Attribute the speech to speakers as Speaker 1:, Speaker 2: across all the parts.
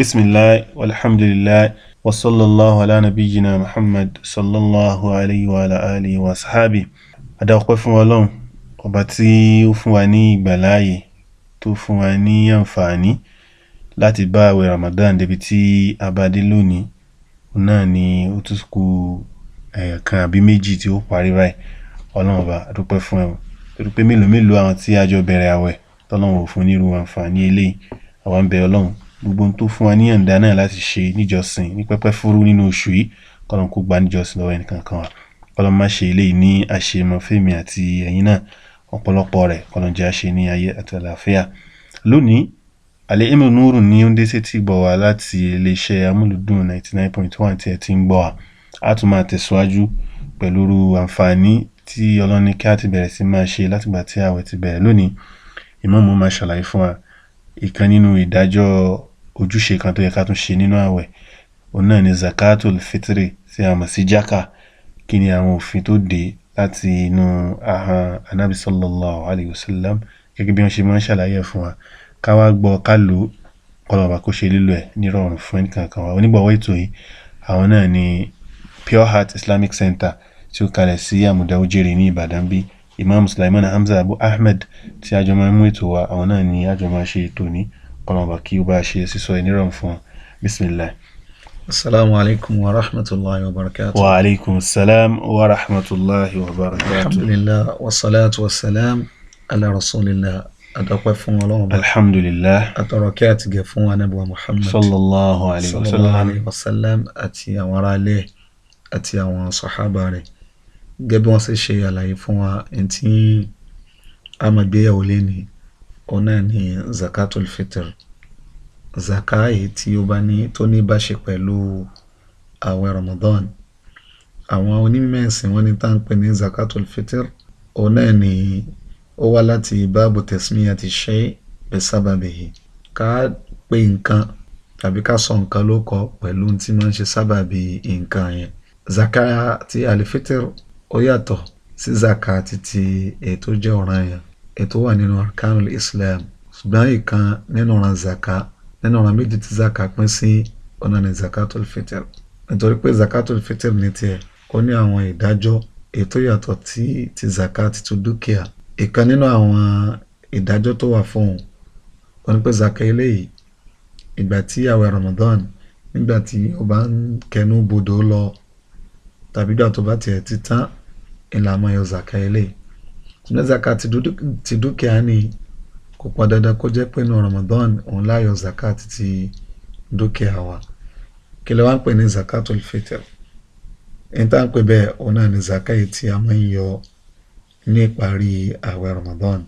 Speaker 1: bisimilahi walhamdulilahi wasallallahu ala nabiyina muhammad sallallahu alayhi wa ala alihi wa sahabi adáwọ̀pẹ́ fún ọlọ́run ọba tí ó fún wa ní ìgbàláàyè tó fún wa ní àǹfààní láti bá àwẹ̀ ramadan débi tí a bá dé lónìí náà ni ó tún kù ẹ̀ẹ̀kan àbí méjì tí ó parí báyìí ọlọ́run ọba adúpẹ́ fún ẹ̀ torí pé mélòó mélòó àwọn tí a jọ bẹ̀rẹ̀ àwẹ̀ tọ́lọ́run ò fún nírú àǹfààní eléyìí àwa ń bẹ ọlọ́run gbogbo ohun tó fún wa ní yọ̀ǹda náà láti ṣe níjọsìn ní pẹ́pẹ́ fúrú nínú oṣù yìí kọ́lọ́n kó gba níjọsìn lọ́wọ́ ẹnìkan kan wa kọ́lọ́n má ṣe eléyìí ní àṣemọ fèmí àti ẹ̀yin náà ọ̀pọ̀lọpọ̀ rẹ̀ kọ́lọ́n jẹ́ àṣe ní ayé àti àlàáfíà lónìí alẹ́ emu nuru ní ó ń dé gbọ̀ wá láti iléeṣẹ́ amúlùdùn ninety nine point one tí ẹ ti ń gbọ́ wa á tún máa tẹ̀síwájú pẹ̀lú àǹfààní tí ọlọ́ni ká ti bẹ̀rẹ̀ sí máa ṣe látìgbà tí ìkan nínú ìdájọ́ ojúṣe kan tó yẹ ká tún ṣe nínú àwẹ̀ òun náà ni zakatul fitri tí a mọ̀ sí jáka kí ni àwọn òfin tó dé láti inú ahọ́n anábì sallallahu alayhi wa sallam gẹ́gẹ́ bí wọ́n ṣe máa ń ṣàlàyé ẹ̀ fún wa ká wá gbọ́ ká lò ó kọ́lọ̀ bá kó ṣe lílo ẹ̀ nírọ̀rùn fún ẹnìkan wa onígbọ̀wọ́ ètò yìí àwọn náà ni Pure Heart Islamic Center tí ó kalẹ̀ sí àmùdá ojèrè ní Ìbàdàn bíi Imam Sulaiman Hamza Abu Ahmed tí a jọ máa ń mú ètò wa àwọn náà ni a jọ máa ṣe ètò ní kọ́lọ́mọba kí ó bá ṣe sísọ ìníràn fún
Speaker 2: bisimilayi. السلام عليكم ورحمة الله وبركاته وعليكم السلام ورحمة الله وبركاته الحمد لله والصلاة والسلام على رسول الله أدقى فون الله الحمد لله أتركات جفون نبوة محمد صلى الله عليه وسلم صلى الله عليه وسلم أتي وراء له أتي وراء صحابة له جبوا سيشي على يفون أنتي أما بيا وليني Ona ni zakatul fitr zaka èyí tí ó bá ní tó ní bá ṣe pẹ̀lú ààwẹ̀ Ramadan àwọn onímọ̀ ẹ̀sìn wọn ní tá à ń pè ní zakatul fitr òun ni ó wá láti báàbù tasmiyati shay bisababihi ká pè nǹkan tàbí ká sọ nǹkan ló kọ pẹ̀lú tí máa ń ṣe sábàbí nǹkan yẹn zaka ti alifitir ó yàtọ̀ sí zaka titi èyí tó jẹ́ ọ̀ranyàn ètò wà nínú arkanul islam ṣùgbọ́n ìkan nínú ọ̀ràn zaka nínú ọ̀ràn méjì tí zaka pín sí ọ̀nà ní zakatul fitr nítorí pé zakatul fitr ní tiẹ̀ ó ní àwọn ìdájọ́ ètò yàtọ̀ tí ti zaka ti tu dúkìá ìkan nínú àwọn ìdájọ́ tó wà fún òun ó ní pé zaka eléyìí ìgbà tí àwẹ̀ Ramadan nígbà tí o bá ń kẹnu bodò lọ tàbí gbà tó bá tiẹ̀ ti tán ìlànà yọ zaka eléyìí na zakat ti dúkìá ni kò pọn dandan kó jẹ́ pé ní Ramadan òun láyọ̀ zakat ti dúkìá wa kí ló wá ń pè ní zakatul fitr ní tá à ń pè bẹ́ẹ̀ òun náà ni zakai tí a máa ń yọ ní ìparí ààwẹ̀ Ramadan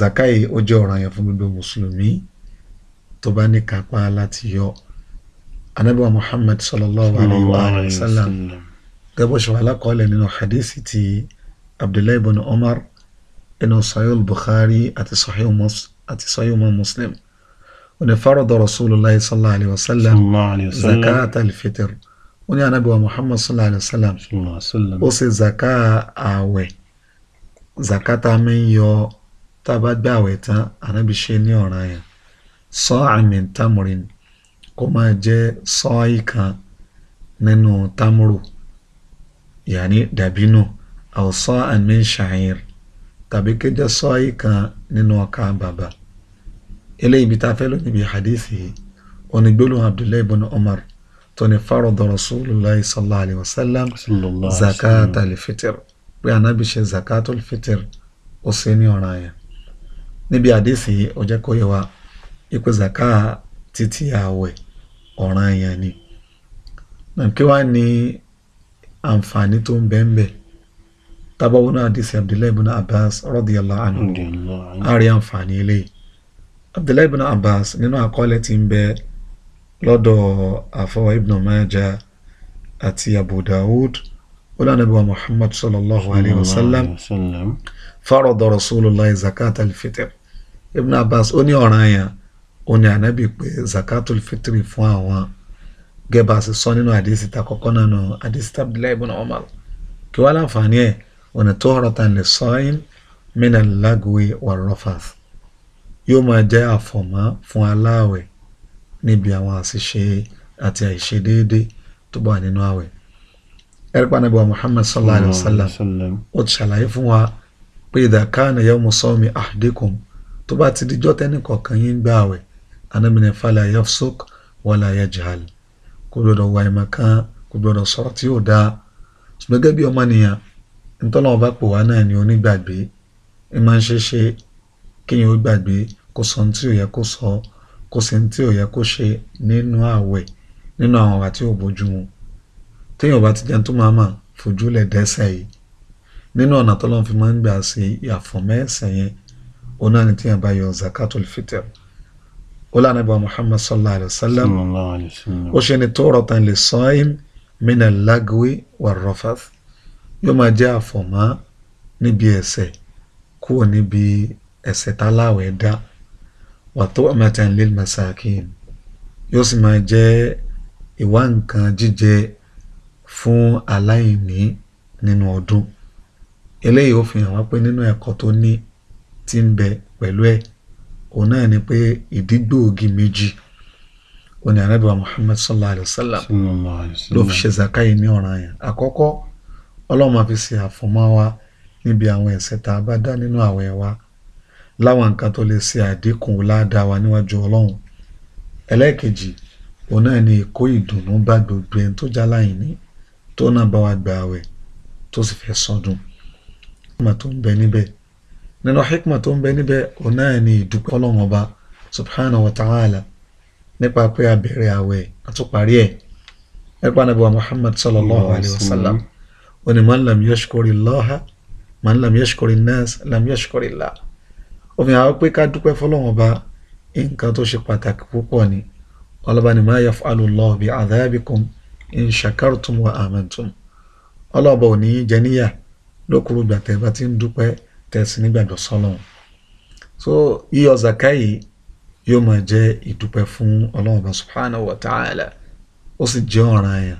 Speaker 2: zakai ó jẹ́ ọ̀ranyàn fún gbogbo mùsùlùmí tó bá ní kápá láti yọ anabi wa Muhammad sallallahu alayhi wa sallam gẹ́gẹ́ bó ṣe wà nínú hadisi ti abdullahi ibn umar inú sahih bukhari àti sahih muslim àti sahih muslim wọ́n ní farada rasulillah sallallahu alayhi wa sallam zakat alfitr wọ́n ní anabi wa muhammad sallallahu alayhi wa sallam ó ṣe zaka ààwẹ̀ zakata mi ń yọ tá a bá gbé ààwẹ̀ tán anabi ṣe ní ọ̀ràn yẹn sa'an min tamrin kó máa jẹ́ sọ́ọ̀ì kan nínú tamuru aw sa'an min sha'ir tàbí kí ó jẹ́ sọ́ọ̀yì kan nínú ọkà bàbà eléyìí bí tá a fẹ́ lónìí bí hadithi yìí oní gbólóhùn abdullahi ibn umar tó ní farada rasulillah sallallahu alayhi wa sallam zakat al-fitr pé anabi ṣe zakat al-fitr ó ṣe ní ọ̀ràn yẹn níbi hadithi yìí ó jẹ́ ipò zakat títí ààwẹ̀ ọ̀ràn yẹn ni kí wàá àǹfààní tó ń bẹ́ẹ̀ bẹ́ẹ̀ tabawona hadisi abdullahi ibn abbas radiyallahu anhu ari àǹfààní eléyìí abdullahi ibn abbas nínú àkọọ́lẹ̀ tí ń bẹ lọ́dọ̀ àfọwọ́ ibn majah àti abu dawud olanabiwa muhammad sallallahu alayhi wa sallam farada rasulillah zakat alfitr ibn abbas ó ní ọ̀ràn yẹn ó ní ànábì pé zakat alfitr fún àwọn gẹ́bà sí sọ nínú àdìsí ta kọ́kọ́ náà nù abdullahi ibn umar kí wàá láǹfààní ونطهرة للصائم من اللغو والرفث yóò máa jẹ́ àfọ̀mọ́ fún aláàwẹ̀ níbi àwọn àṣìṣe àti àìṣedéédé tó bá nínú àwẹ̀. ẹ̀rípa níbi wa Muhammad sallallahu alayhi wa sallam ó ti ṣàlàyé fún wa pé idha kana yawmu sawmi ahadikum tó bá ti dijọ́ tẹ́nì kọ̀ọ̀kan yín gbà àwẹ̀ anamíní fala yafsuk wala yajhal kò gbọdọ̀ wà ìmọ̀ kan kò gbọdọ̀ sọ̀rọ̀ tí yóò dáa ṣùgbọ́n gẹ́gẹ́ bí ọmọnìyàn ntọ́lọ́wọ́ bá pò wá náà ni onígbàgbé ẹ máa ń ṣe ṣe kéèyàn ó gbàgbé kó sọ ní tí ò yẹ kó sọ kó ṣe ní tí ò yẹ kó ṣe nínú ààwẹ̀ nínú àwọn àwa tí ò bójú mu téèyàn bá ti jẹun tó máa mà fojúlẹ̀ dẹ́ṣẹ̀ yìí nínú ọ̀nà tọ́lọ́wọ́ fi máa ń gbà ṣe àfọ̀mẹ́ẹ̀sẹ̀ yẹn òun náà ni téèyàn bá yọ zakatul fitr ó lànà ibà Muhammad sallallahu alayhi wa sallam ó ṣe ni tó rọ̀tàn lè sọ ẹ́ mí yóò máa jẹ́ àfọ̀mọ́ níbi ẹ̀ṣẹ̀ kúrò níbi ẹ̀ṣẹ̀ táláwẹ̀ dá wàtó ọmọọtàn lil masakin yóò sì máa jẹ́ ìwá nǹkan jíjẹ fún aláìní nínú ọdún eléyìí ó fi hàn wá pé nínú ẹ̀kọ́ tó ní ti ń bẹ pẹ̀lú ẹ̀ òun náà ni pé ìdígbòogi méjì ó ní anábìwá Muhammad sallallahu alayhi wa sallam ló fi ṣe zakai ní ọ̀ranyàn àkọ́kọ́ ọlọ́run máa fi ṣe àfọ̀mọ́ wa níbi àwọn ẹ̀ṣẹ̀ tá a bá dá nínú àwẹ̀ wa láwọn nǹkan tó lè ṣe àdínkù ládàá wa níwájú ọlọ́run ẹlẹ́ẹ̀kejì òun náà ni ìkó ìdùnnú bá gbogbo ẹni tó jáláyìní tó náà bá wa gba àwẹ̀ tó sì fẹ́ sọdún hikma tó ń bẹ níbẹ̀ nínú hikma tó ń bẹ níbẹ̀ òun náà ni ìdúpẹ́ ọlọ́run ọba subhanahu wa ta'ala nípa pé a bẹ̀rẹ̀ àwẹ̀ àtúparí ẹ̀ nípa nàbẹ̀wá muhammad sallallahu alayhi wa sallam. Mm -hmm ó ní man lam yashkuri Allaha man lam yashkuri nas lam yashkuri Allah ó fi hàn pé ká dúpẹ́ fọlọ́wọ́n bá nǹkan tó ṣe pàtàkì púpọ̀ ni ọlọ́ba ni ma yaf'alu Allahu bi adhabikum in shakartum wa amantum ọlọ́ba ò ní jẹníyà lókùrú gbà tẹ́ bá ti ń dúpẹ́ tẹ̀sí nígbàgbọ́ sọ́lọ́run so yíyọ zaka yìí yóò máa jẹ́ ìdúpẹ́ fún ọlọ́run bá subhanahu wa ta'ala ó sì jẹ́ ọ̀ranyàn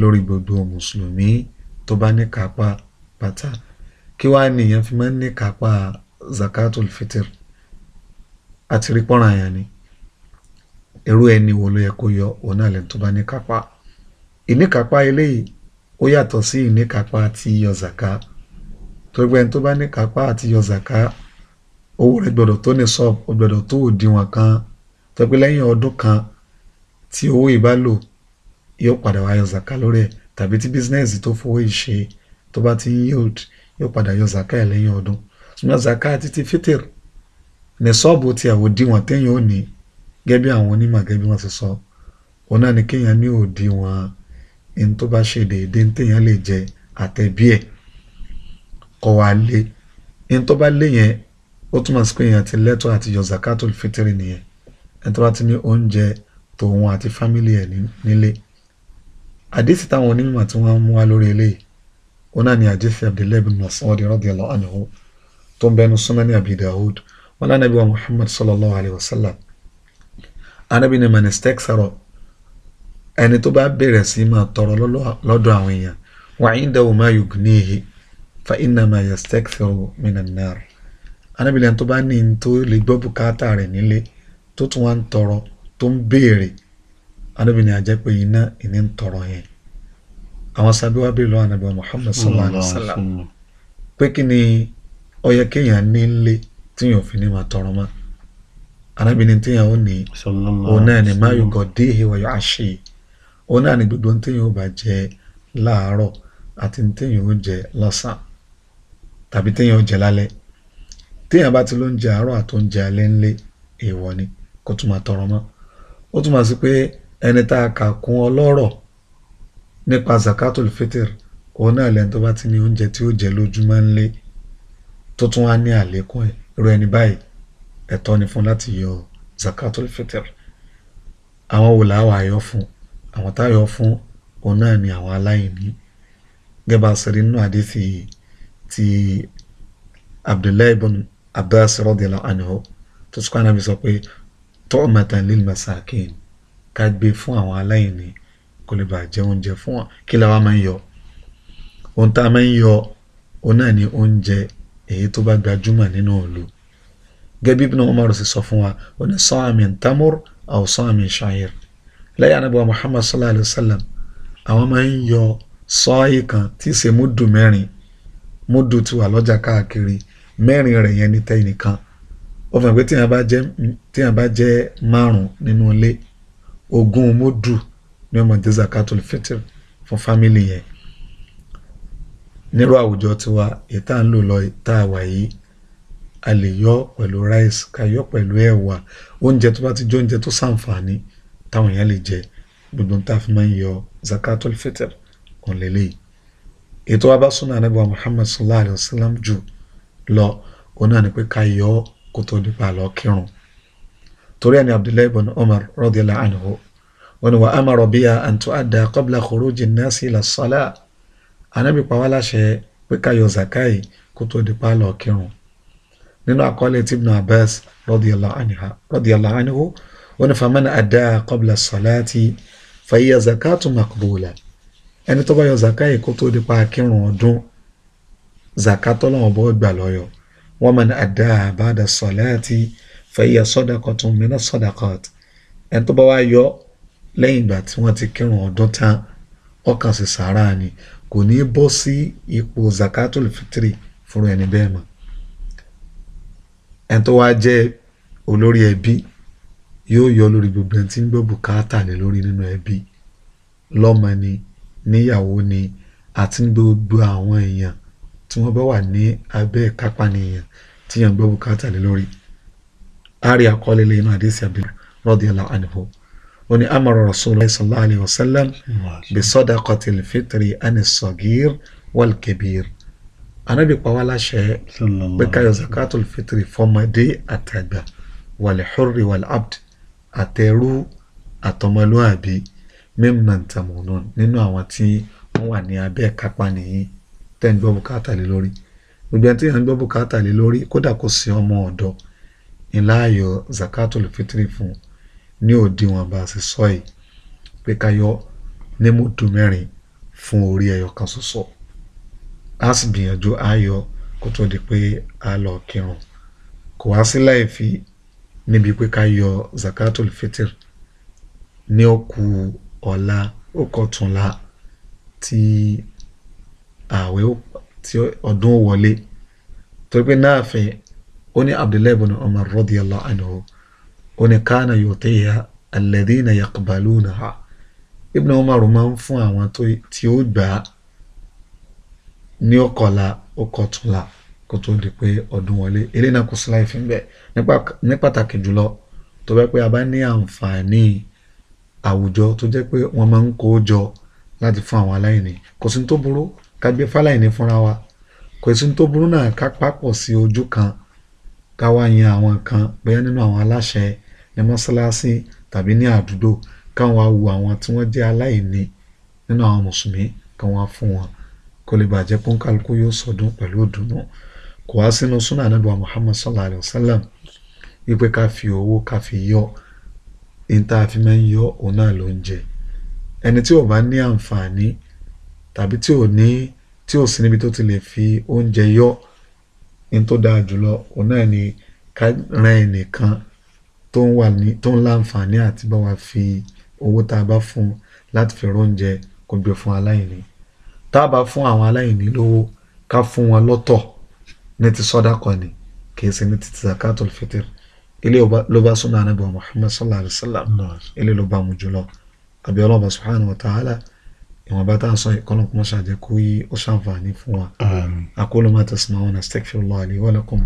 Speaker 2: lórí gbogbo mùsùlùmí tó bá ní kápá pátá kí wàá nìyẹn fi máa ń ní kápá zakatul fitr àti rí pọ́nrán àyàn ni irú ẹni wo ló yẹ kó yọ òun náà lẹ́nu tó bá ní kápá ìníkápá eléyìí ó yàtọ̀ sí ìníkápá àti yíyọ zaka torí pé tó bá ní kápá àti yíyọ zaka owó rẹ̀ gbọ́dọ̀ tó ní sọ́ọ̀b ó tó òdiwọ̀n kan tó lẹ́yìn ọdún kan tí owó yìí yóò padà wá zaka lórí ẹ̀ tàbí tí bísínẹ́sì tó fowó ìṣe tó bá ti ń yield yóò padà yọ zaka ẹ̀ lẹ́yìn ọdún ṣùgbọ́n zaka títí fitr ní sọ́ọ̀bù tí àwọn òdiwọ̀n téèyàn ò ní gẹ́gẹ́ bí àwọn onímọ̀ gẹ́gẹ́ bí wọ́n ti sọ òun náà ni kéèyàn ní òdiwọ̀n ní tó bá ṣe déédéé ní téèyàn lè jẹ àtẹ̀bí ẹ̀ kọ́ wa lé ní tó bá lé yẹn ó túmọ̀ sí pé èèyàn ti lẹ́tọ̀ àti yọ zakatul fitr nìyẹn ẹni tó bá ti ní oúnjẹ tòun àti fámìlì ẹ̀ nílé. Ni àdéhìsì táwọn onímọ̀ tí wọ́n mú wá lórí eléyìí òun náà ni àdéhìsì abdullahi bin masoud radiyallahu anhu tó ń bẹnu sunani abi dawud wọn náà nàbí wa muhammad sallallahu alayhi wa sallam anabi ni manistek sọrọ ẹni tó bá bẹ̀rẹ̀ sí máa tọrọ lọ́dọ̀ àwọn èèyàn wa indahu ma yugnihi fa innama yastakthiru minan nar anabi lẹ́ni tó bá ní tó lè gbọ́ bùkátà rẹ̀ nílé tó tún wá ń tọrọ tó ń béèrè anabi ni ajẹ́ pé iná ìní ń tọrọ yẹn àwọn sábẹ́ wa bèèrè lọ́wọ́ anabi wa muhammad sallallahu alayhi wa sallam pé kí ni ó yẹ kéèyàn ní ilé tí yóò fi ní máa tọrọ mọ́ anabi ni téèyàn ó ní òun náà ni máa yọgọ déhe wáyọ àṣe òun náà ni gbogbo téèyàn ó bá jẹ láàárọ̀ àti téèyàn ó jẹ lọ́sàn tàbí téèyàn ó jẹ lálẹ́ téèyàn bá ti ló ń jẹ àárọ̀ àti oúnjẹ alẹ́ ńlẹ̀ èèwọ̀ ni kó tún máa tọrọ mọ́ ó tún máa sí pé ẹni tá a kà kún ọlọ́rọ̀ nípa zakatul fitr òun náà lẹ́ni tó bá ti ní oúnjẹ tí ó jẹ lójúmọ́ ńlé tó tún wá ní àlékún ẹ̀ ẹni báyìí ẹ̀tọ́ ni fún láti yọ zakatul fitr àwọn wò láwà yọ fún àwọn tá fún òun náà ni àwọn aláìní gẹ́gẹ́ bá nínú àdéfì ti abdullahi ibn abbas radiyallahu anhu tó sọ́kọ́ ànábi sọ pé tu'matan lil masakin ká gbé fún àwọn aláìní kó lè bàa jẹ oúnjẹ fún wọn kí la wá máa ń yọ ohun tá a máa ń yọ òun náà ni oúnjẹ èyí tó bá gbajúmọ̀ nínú òlu gẹ́gẹ́ bí Umar sì sọ fún wa ó ní sa'an min tamur aw sa'an min sha'ir lẹ́yìn anábọ̀ Muhammad sallallahu alayhi wa sallam àwọn máa ń yọ sọ́ọ̀yì kan tí í ṣe múdù mẹ́rin múdù tí wà lọ́jà káàkiri mẹ́rin rẹ̀ yẹn ní tẹ́yìn nìkan ó fẹ́ pé tíyàn bá jẹ́ márùn-ún nínú ilé ogún múdù ní ọmọ jẹ́ zakatul fitr fún fámìlì yẹn nírú àwùjọ tiwa èyí tá à ń lò lọ tá a wà yìí a lè yọ pẹ̀lú rice ká yọ pẹ̀lú ẹ̀wà oúnjẹ tó bá ti jẹ́ oúnjẹ tó sàǹfààní táwọn èèyàn lè jẹ gbogbo tá a fi máa ń yọ zakatul fitr kàn lélẹ́yìí ètò wa bá súnà anábìwá Muhammad sallallahu alayhi wa sallam jù lọ òun náà ni pé ká yọ kó tó nípa lọ kírun torí ẹni abdullahi ibn umar radiyallahu anhu wọn ni wà amara biha an tu'adda qabla khuruji nasi ila salah anabi pa wá láṣẹ pé ká yọ zakai kó tó di pálọ kírun nínú àkọọ́lẹ̀ tí ibn abbas radiyallahu anhu wọn ni faman adda qabla salati fahiya zakatu maqbula ẹni tó bá yọ zakai kó tó di pa kírun ọdún zakatọ́lọ́wọ́n bọ́ gbà lọ́yọ̀ wa man adda ba'da salati fẹ́yẹ sọ́dọ̀kọ̀ tún mí náà sọ́dọ̀kọ̀ ẹni tó bá wá yọ lẹ́yìn ìgbà tí wọ́n ti kírun ọdún tán ọkàn sì sàárà ni kò ní bọ́ sí ipò zakatul fitri fún ẹni bẹ́ẹ̀ mọ́ ẹni tó wá jẹ́ olórí ẹbí yóò yọ lórí gbogbo ẹni tí ń gbọ́ bùkátà lé lórí nínú ẹbí lọ́mọ ni níyàwó ni àti gbogbo àwọn èèyàn tí wọ́n bá wà ní abẹ́ ìkápá nìyẹn tí yàn gbọ́ bùkátà lé lórí a rí àkọọ́lẹ̀ lẹ́yìn náà àdéhùn àbí radiyallahu anhu ó ní amara rasulullah sallallahu alayhi wa sallam bi sadaqatil fitri ani sagir wal kabir anabi pa wá láṣẹ pé ká yọ zakatul fitri fọmọdé àtàgbà wal hurri wal abd àtẹrú àtọmọlúàbí mimman tamunun nínú àwọn tí wọ́n wà ní abẹ́ kápá nìyí tẹ́ ń gbọ́ bùkátà lé lórí gbogbo ẹni tí yẹn ń gbọ́ bùkátà lé lórí kódà kò sí ọmọ ọ̀dọ́ ńlá ayọ zakatul fitri fún ní òdiwọ̀n bá a ṣe sọ yìí pé ká yọ ní múdù mẹ́rin fún orí ẹyọ kan ṣoṣo a sì gbìyànjú ayọ kó tó di pé a lọ kírun kò wá sí láì fi níbi pé ká yọ zakatul fitri ní òkú ọ̀la òkọ̀túnla tí ààwẹ̀ tí ọdún wọlé torí pé náàfin ó ní abdullahi ibn umar radiyallahu anhu ó ní kánà yu'tiha alladhina yaqbalunaha ibn umar máa ń fún àwọn tí ó gbà á ní ọkọ̀la ọkọ̀túnla kó tó di pé ọdún wọlé eléyìí náà kò sí láì fi ń bẹ ní pàtàkì jùlọ tó bẹ́ pé a bá ní àǹfààní àwùjọ tó jẹ́ pé wọ́n máa ń kó jọ láti fún àwọn aláìní kò sí tó burú ká gbé fáláìní fúnra wa kò sí tó burú náà ká papọ̀ sí ojú kan ká wá yan àwọn kan bóyá nínú àwọn aláṣẹ ní mọ́ṣáláṣí tàbí ní àdúgbò káwọn wá wo àwọn tí wọ́n jẹ́ aláìní nínú àwọn mùsùlùmí káwọn wá fún wọn kó lè bàjẹ́ pé kálukú yóò sọdún pẹ̀lú ìdùnnú kò wá sínú súnà Ànábì wa Muhammad sallallahu alayhi wa sallam wípé ká fi owó ká fi yọ ní tá a fi máa ń yọ òun náà ló ń jẹ ẹni tí ò bá ní àǹfààní tàbí tí ò ní tí ò sí níbi tó ti lè fi oúnjẹ yọ ní tó dáa jùlọ òun náà ni ká ran ẹnìkan tó ń wà ní tó ń láǹfààní àti bá wa fi owó tá a bá fún un láti fi róúnjẹ kó gbé fún aláìní tá a bá fún àwọn aláìní lówó ká fún wọn lọ́tọ̀ ní ti sọ́dá kan ni kì ṣe ní ti zakatul fitr ilé ló bá súnà anábìwọ̀n Muhammad sallallahu alayhi wa sallam ilé ló bá mu jùlọ àbí ọlọ́ọ̀bà subhanahu wa ta'ala ìwọ̀nba tá à ń sọ ìkọlọ̀ kọ́ ṣàjẹ́ kó yí ó ṣàǹfààní fún wa. aqulu ma tasma'un astaghfirullah li wa lakum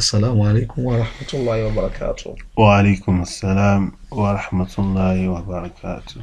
Speaker 2: asalaamu alaykum wa rahmatulahi wa barakatu. wa alaykum asalaam
Speaker 1: wa rahmatulahi wa barakatu.